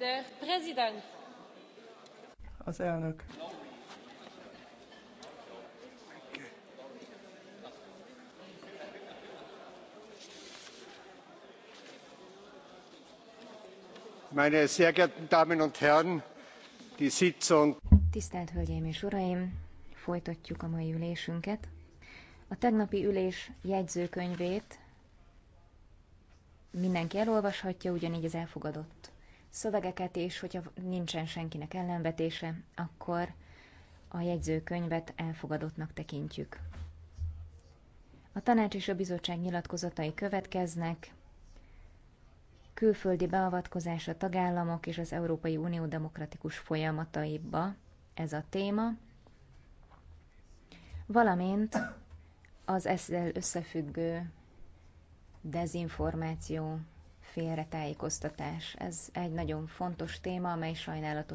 Der Präsident. Az elnök. Meine sehr geehrten Damen und Herren, die Sitzung. Tisztelt Hölgyeim és Uraim, folytatjuk a mai ülésünket. A tegnapi ülés jegyzőkönyvét mindenki elolvashatja, ugyanígy az elfogadott szövegeket, és hogyha nincsen senkinek ellenvetése, akkor a jegyzőkönyvet elfogadottnak tekintjük. A tanács és a bizottság nyilatkozatai következnek. Külföldi beavatkozás a tagállamok és az Európai Unió demokratikus folyamataiba ez a téma, valamint az ezzel összefüggő dezinformáció félretájékoztatás. Ez egy nagyon fontos téma, amely sajnálatos